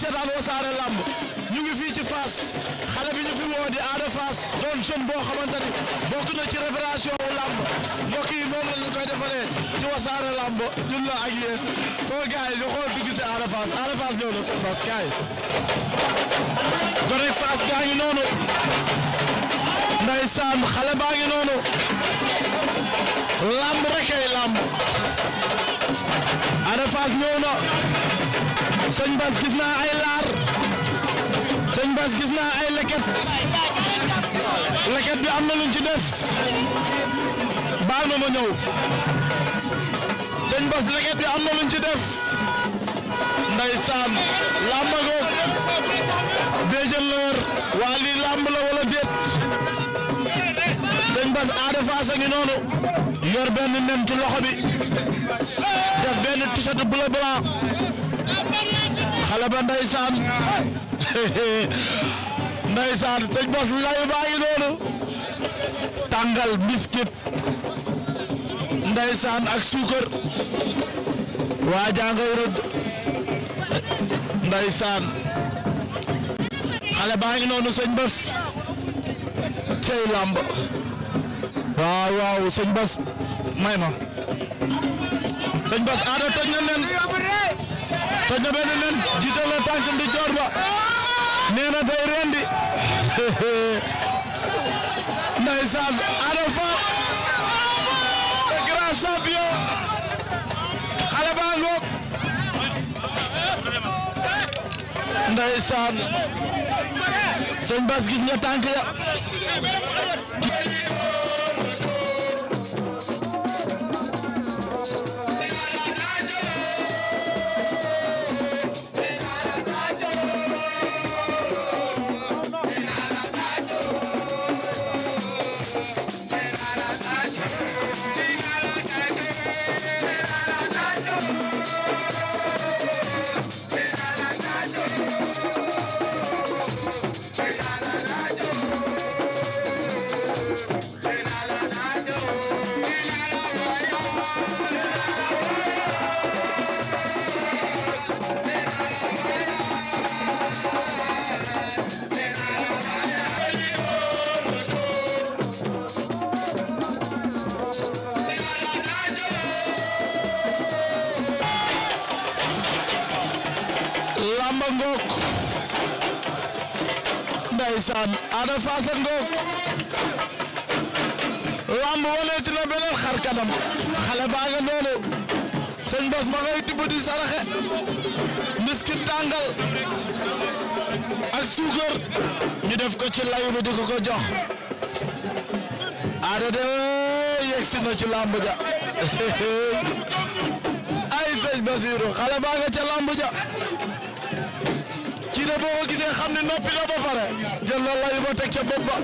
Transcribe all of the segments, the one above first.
seetaan Wassare Lamb ñu ngi fii ci Fass xale bi ñu fi woo di Ada Fass doon jeune boo xamante ni bokk na ci révélation wu lamb mbokk yi noonu lañ koy ci Wassare Lamb ñun la ak yéen sama gars yi ñu xool dugg si Ada noonu ndeysaan xale baa noonu lamb rekk ay lamb Ada Fass ñëw na. sëñ Bass gis naa laar sëñ Bass gis naa ay leket leket bi am na luñ ci def baal ma ma ñëw sëñ Bass leket bi am na luñ ci def goog béjjën la wër waa lii làmb la wala déet sëñ Bass Ada Fass a ngi noonu yor benn nen ci loxo bi def benn t-shirt bleu xale ba ndeysaan ndeysaan sëñ bas lay baa ngi noonu tàngal biskit ndeysaan ak suukar waa jàngay rëdd ndeysaan xale baa ngi noonu sëñ bas tey làmb waaw waaw sëñ bas may ma sëñ bas aada toj na te ñebe na leen jiital na tànk di joor ba nee na day rendi ndeysaan Ada Fass le grand champion xale baa ngoog ndeysaan sëñ Bass nga tànk ya ndeysaan Ada Fass ngoog lamb woneeti na beneen xar kanam xale baa noonu sëñ bas ma ngay tibb di saraxe miskit tàngal ak suukar ñu def ko ci layu bi ko ko jox Ada de yegsi na ci lamb ja ay sëñ Basiru xale baa nga ca de boo ko gisee xam ne noppi na ba pare jël la layu ba teg ca bopp ba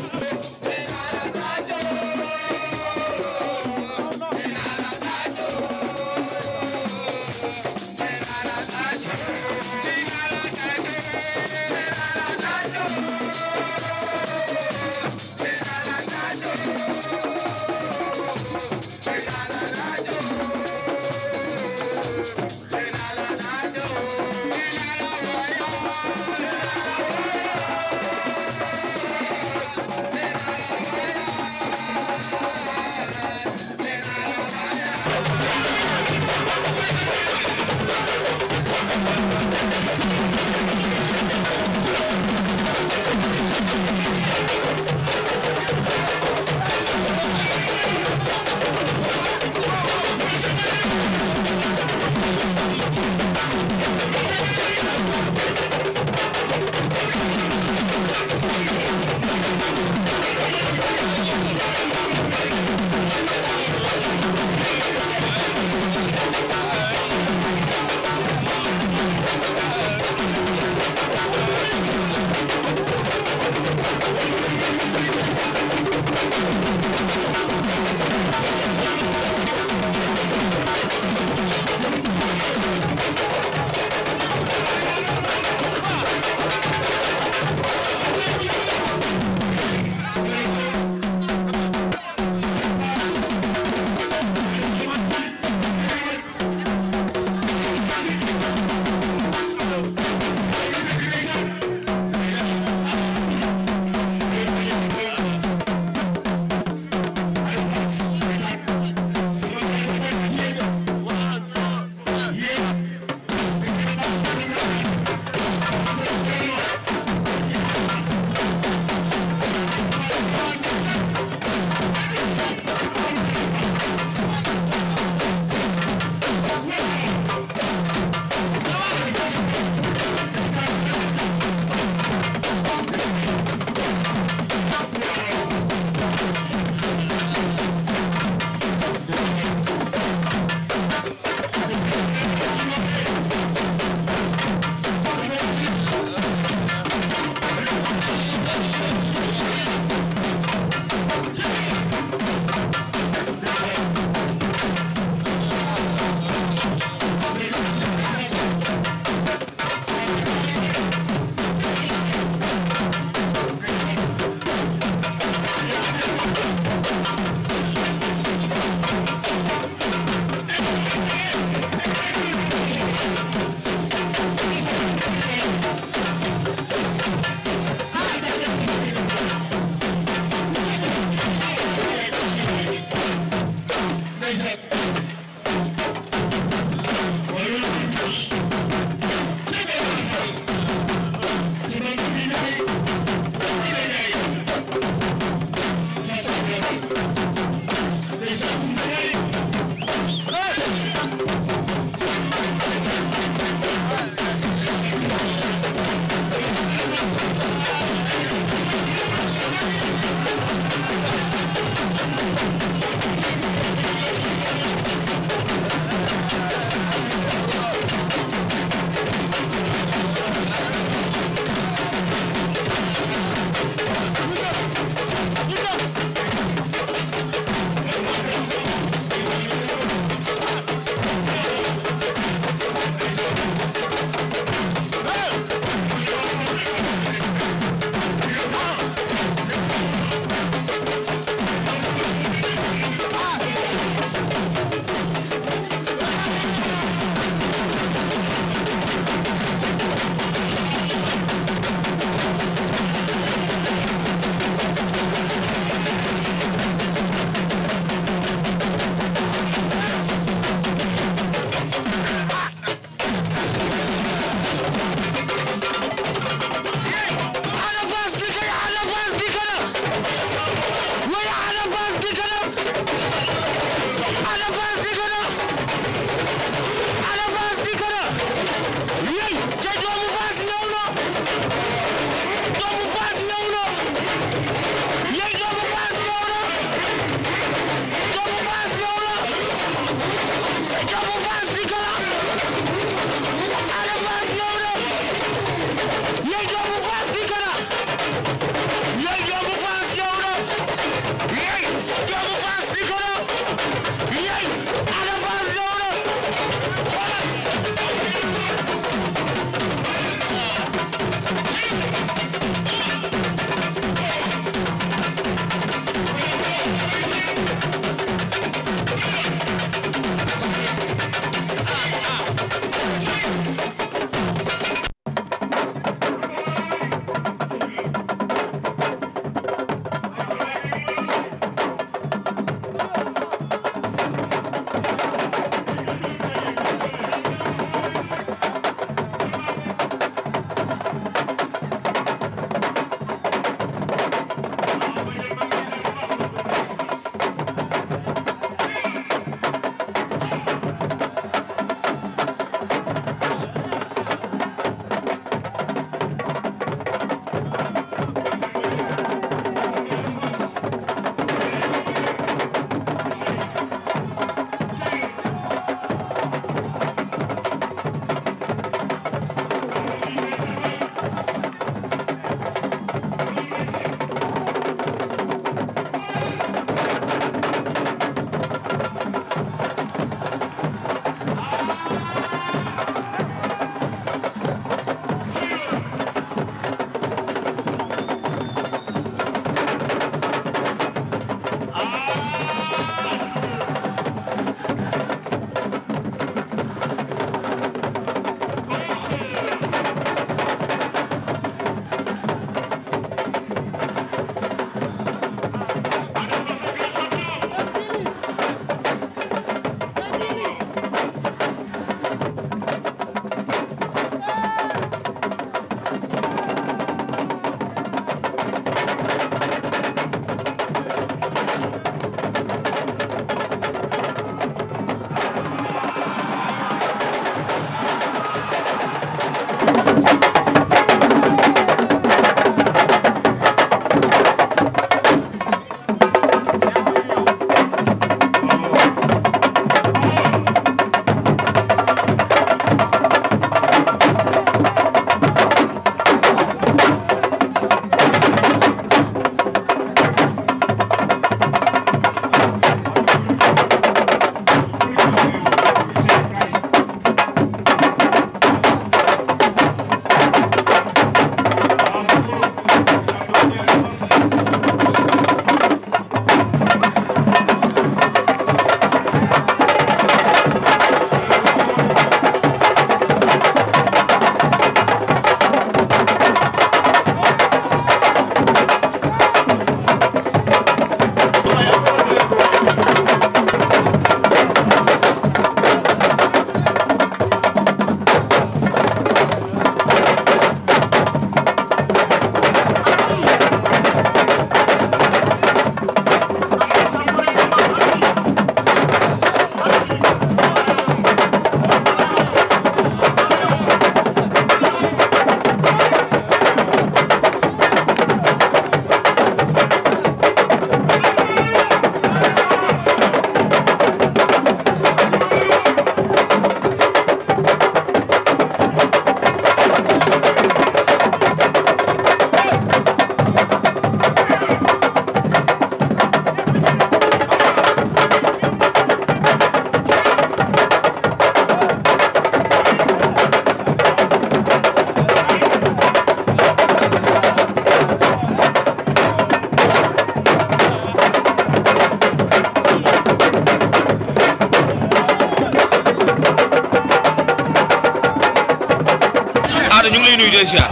ngi lay ziar.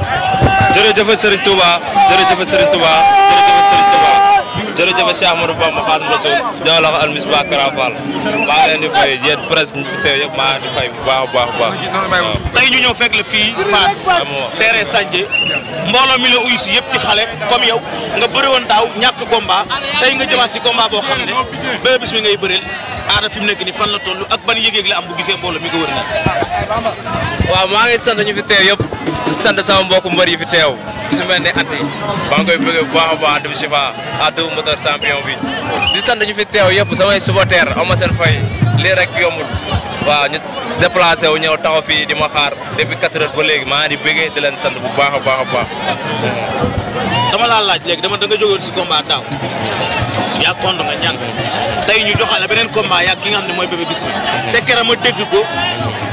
jërëjëf Serigne Touba jërëjëf Serigne Touba jërëjëf Serigne Touba jërëjëf Cheikh Amadou Bamba Xaadimu Rasuul jawlax al misbah Kara Fall maa ngi leen di fay yéen presse bi ñu fi teew yëpp maa ngi di fay bu baax baax baax. tey ñu ñëw fekk la fii Fass. terrain Sanjé mbooloo mi la uyu si yëpp ci xale comme yow nga bëri woon daaw ñàkk combat tey nga jëmaat si combat boo xam ne bébé bis mi ngay bëreel. ana fi mu nekk nii fan la toll ak ban yëg-yëg la am bu ko wër nii. waaw maa ngi sant ñu fi teew yëpp di sant sama mbokku mbër yi fi teew su mel ne at yi maa ngi koy bëgg baax a baax Adou Chifa Adou moteur champion bi di sant ñu fi teew yëpp samay supporters am ma seen fay lii rek yomb waaw ñu déplacé wu ñëw taxaw fii di ma xaar depuis 4 heures léegi maa ngi di di leen sant bu baax a baax a baax. dama laa laaj léegi dama da nga jógoon si combat daaw yaa kont nga ñànk tey ñu joxale beneen combat yaa ki nga xam ne mooy Bébé Bismi te keroog ma dégg ko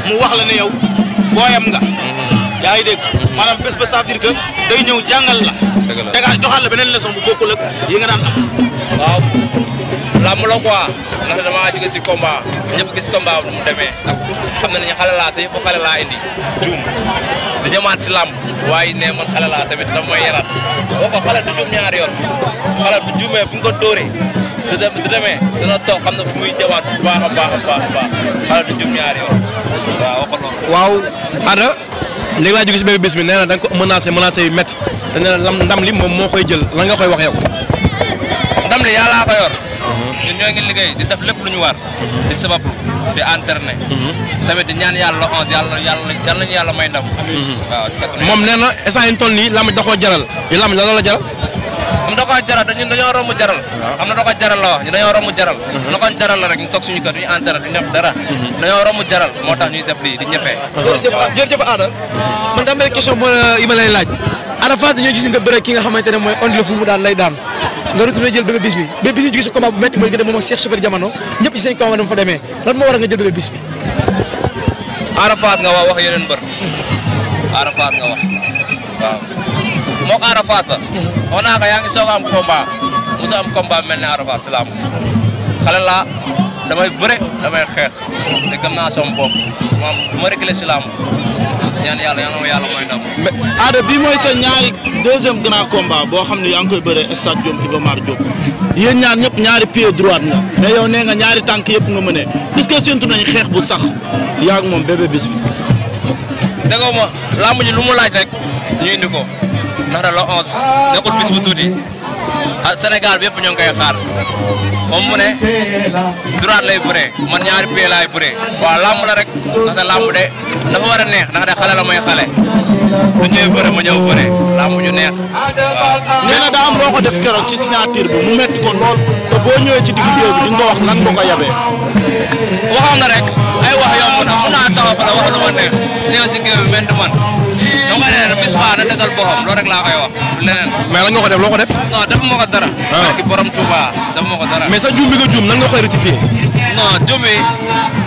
mu wax la ne yow booyam nga yaa ngi dégg maanaam bés ba ça day ñëw jàngal la. dëgg la tegaat joxaat la beneen leçon bu bokkul ak yi nga daan am. waaw làmb la quoi ndax damaa jóge si combat ñëpp gis combat bi nu mu demee xam nañu xale laa te yëpp xale laa indi juum di ñëwaat si làmb waaye ne man xale laa tamit dama may yaraat boo ko xale du juum ñaari yoon bu juumee bu ñu ko dóoree. du dem du demee dina xam na fu muy jawaat bu baax a baax a baax a baax xale du jum ñaari yoon léegi laa jóge si bébé bis nee na da nga ko menacé menacé yu métti te nee na ndam li moom moo koy jël lan nga koy wax yow. ndam li yàlla ko yor. Uh-huh. ñun ñoo ngi liggéey di def lépp lu ñu war. Uh-huh. di sabab di entraîner. Uh-huh. tamit di ñaan yàlla onze yàlla yàlla yàlla nañu yàlla may ndam. waaw moom nee na instant yi ñu toll nii lamb da koo jaral. lamb la la jaral. am da ko jaral ñun dañoo romb jaral am na jaral la wax ñu dañoo romb jaral na mhm. ko jaral la rek ñu toog suñu kër ñu entara duñu def dara mhm. dañoo jaral moo tax ñuy def di ñëfee mhm. jërëjëf Ada man dama question moo euh, yi ma lay laaj Ada Fass dañoo gis nga bëre ki nga xamante ne mooy Onde le Fou mu daan lay daan nga retourné jël Bébé Bis bi Bébé Bis bi jóge si combat bu métti mooy nga dem moom ak Cheikh Super Jamono ñëpp ci seen combat dama fa moog Ada Fass la. wax naa ko yaa ngi soog a mel ne Ada Fass si làmb xale laa damay bëre damay xeex te gëm naa sama bopp maam du ma réglé si làmb ñaan yàlla ñaan ma mooy ndam. mais Ada bii mooy ñaari deuxième grand combat boo xam ne yaa ngi koy bëree stade Diop Iba Mar ñaar ñëpp ñaari pied droite nga mais yow nee nga ñaari tànk yëpp nga mënee est-ce que séntu nañu xeex bu sax yaa moom Bébé Bismi. dégg nga ma làmb ji lu mu laaj rek ñu indi ko. ndax la 11 nekkul bis bu tuuti ah Sénégal bi yëpp ñoo ngi koy xaar moom mu ne droite lay bëree man ñaari pied laay bëree waaw la rek ndaxte làmb de dafa war a neex ndax de xale la mooy xale du ñëwee bëre ma ñëw bëre làmb ju neex waaw. nee na daa am def keroog ci signature bi mu metti ko lool te boo ñëwee ci digg géew bi di nga ko wax nan nga ko yabee waxoon na rek. ay wax yomb na mun naa taxaw fa la wax lu ma neex ñëw si géew bi man. lu ma nee Misbah na dëggal boppam loolu rek laa koy wax leneen. mais lan nga ko def loo ko def. non def ma ko dara. waaw ah. parce que borom Touba def ma ko dara. mais sa juum bi nga juum nan nga koy rectifier. non juum yi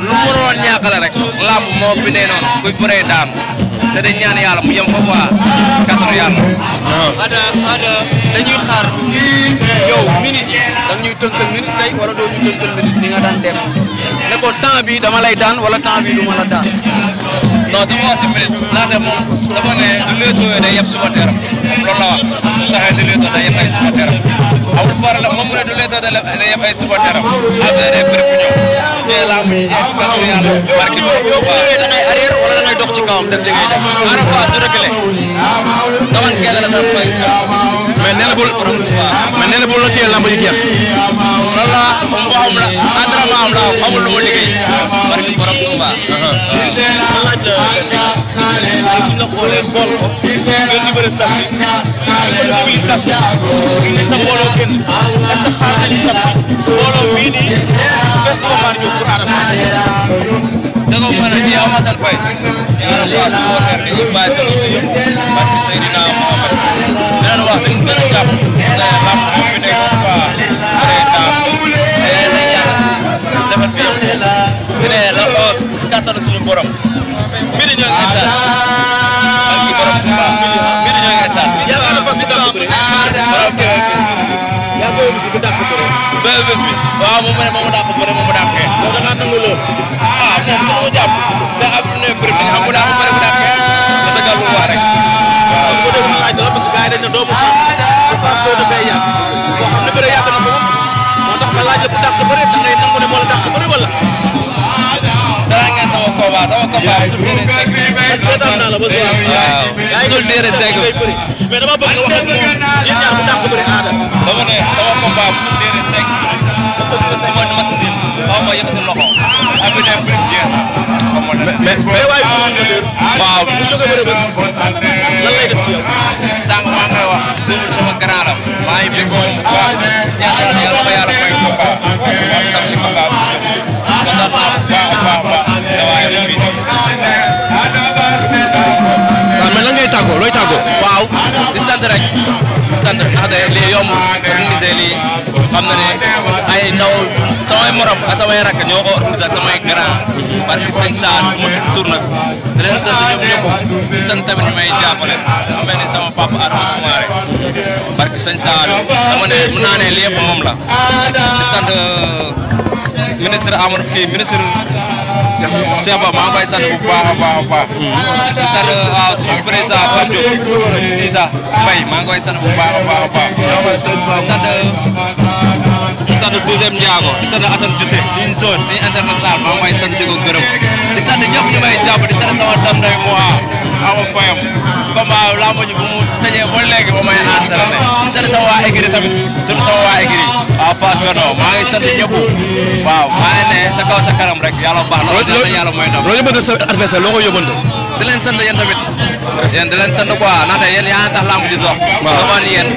lu mu mënoon ñàkk la rek làmb moo bindee noonu kuy bëree daan te dañ ñaan yàlla mu yem foofu waa si kàttanu yàlla. waaw. Ah. ada ada yow minute da ñuy tënkal minute tey wala doo ñu tënkal minute ni nga daan def ne ko temps bi dama lay daan wala temps bi du ma la daan. non dama wax si minute ndaxte moom dafa ne lu léetoo day yeb suba teeram loolu la wax saxee lu léetoo day yeb ay suba teeram amul far la moom mu ne du léetoo day yeb ay suba teeram affaire day bëri bu ñëw teel a am espèce bu yàlla barki bi yow bu ñëwee da ngay arrière wala da ngay dox ci kawam def li ngay def à la fois su reculé dama kenn la sax fay mais nee na bul mais nee na bul la téye lamb ji jeex. loolu laa waxam la entraînement am laa xamul lu ma liggéey. barki borom Touba. ñu na xoolee bool ko nga libéré sax bi nga libéré sax bi nga sa mbooloo kenn est ce que xaar nañu sax mbooloo bii nii fees ko xaar ñëw pour Ada Fass daga mana ni a masal bai yara liya na wakar da yin bayan sanin da yin mafi sai ni na muhammad yana da wakar da na jam da ya lamu da fi daga ba da ya ta da ya na ya da mafi yau ina ya lamu ka tsara su yin borom mini yau ya sa alki borom su ba mini yau ya sa ya la fa mi sa bure borom ke ya ko mu su da ko bure bebe bi wa mu mene mu da ko bure mu da ke da na nangolo mais dama bëgg nga wax ak moom ñun ñaar mu dàq bëri aada. dama ne sama combat bu Dédé Seck ba ko bëgg a Seck mooy dama si dégg xaw ma yëkkati loxo. am na des premiers. mais mais waaye bu ñu jógee waaw bu ñu jógee bëri bés lan lay def ci yow. sànq maa ngi koy wax déglu sama grand la. maa ngi bëgg moom bu baax ñaanal yàlla ba yàlla may combat. waaw ndax si combat bi. tàggoo looy tàggoo waaw di sant rek di sant ndax de lii yomb comme na ne ay ndaw samay morom ak samay ñoo ko organisé samay grand barki sëñ mu tur nag di leen sant ñoom ñëpp di sant tamit ni sama papa Adama Soumaré barki sëñ Saal dama ne mën naa ne lii yëpp moom la di ministre Amadou kii ministre Cheikh maa ngi koy sant bu baax a baax a baax. di sant ah, suñu président Pape Diop maa ngi koy sant bu baax a baax a baax. di sant di sant deuxième Ndiago di sant Assane Dusé suñu zone maa ngi koy di ko gërëm di sant ñëpp ñu may jàpp di sant aw ma fayam combat laa mujj bu mu tëjee ba léegi ba may naan dara ne sant sama waa écurie tamit surtout sama waa écurie waaw Fass Benno maa ngi sant ñëpp waaw maa ngi ne sa kaw sa kanam rek yàlla baax na loolu yàlla mooy ndam loolu yëbante sa adversaire loo koy yóbbante di leen sant yéen tamit yéen di leen sant quoi ndaxte yéen yaa tax lamb di dox sama ni yéen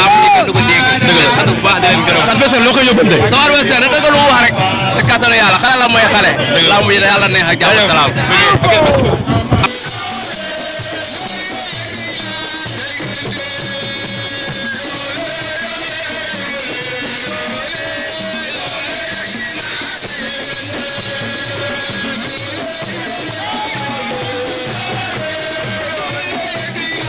lamb di kenn du ko dégg dëgg la sant bu baax di leen gërëm sa adversaire loo koy yóbbante sama adversaire rek dëgg lu wax rek si kàttanu yàlla xale la mooy xale lamb yi yàlla neex ak jàmm salaam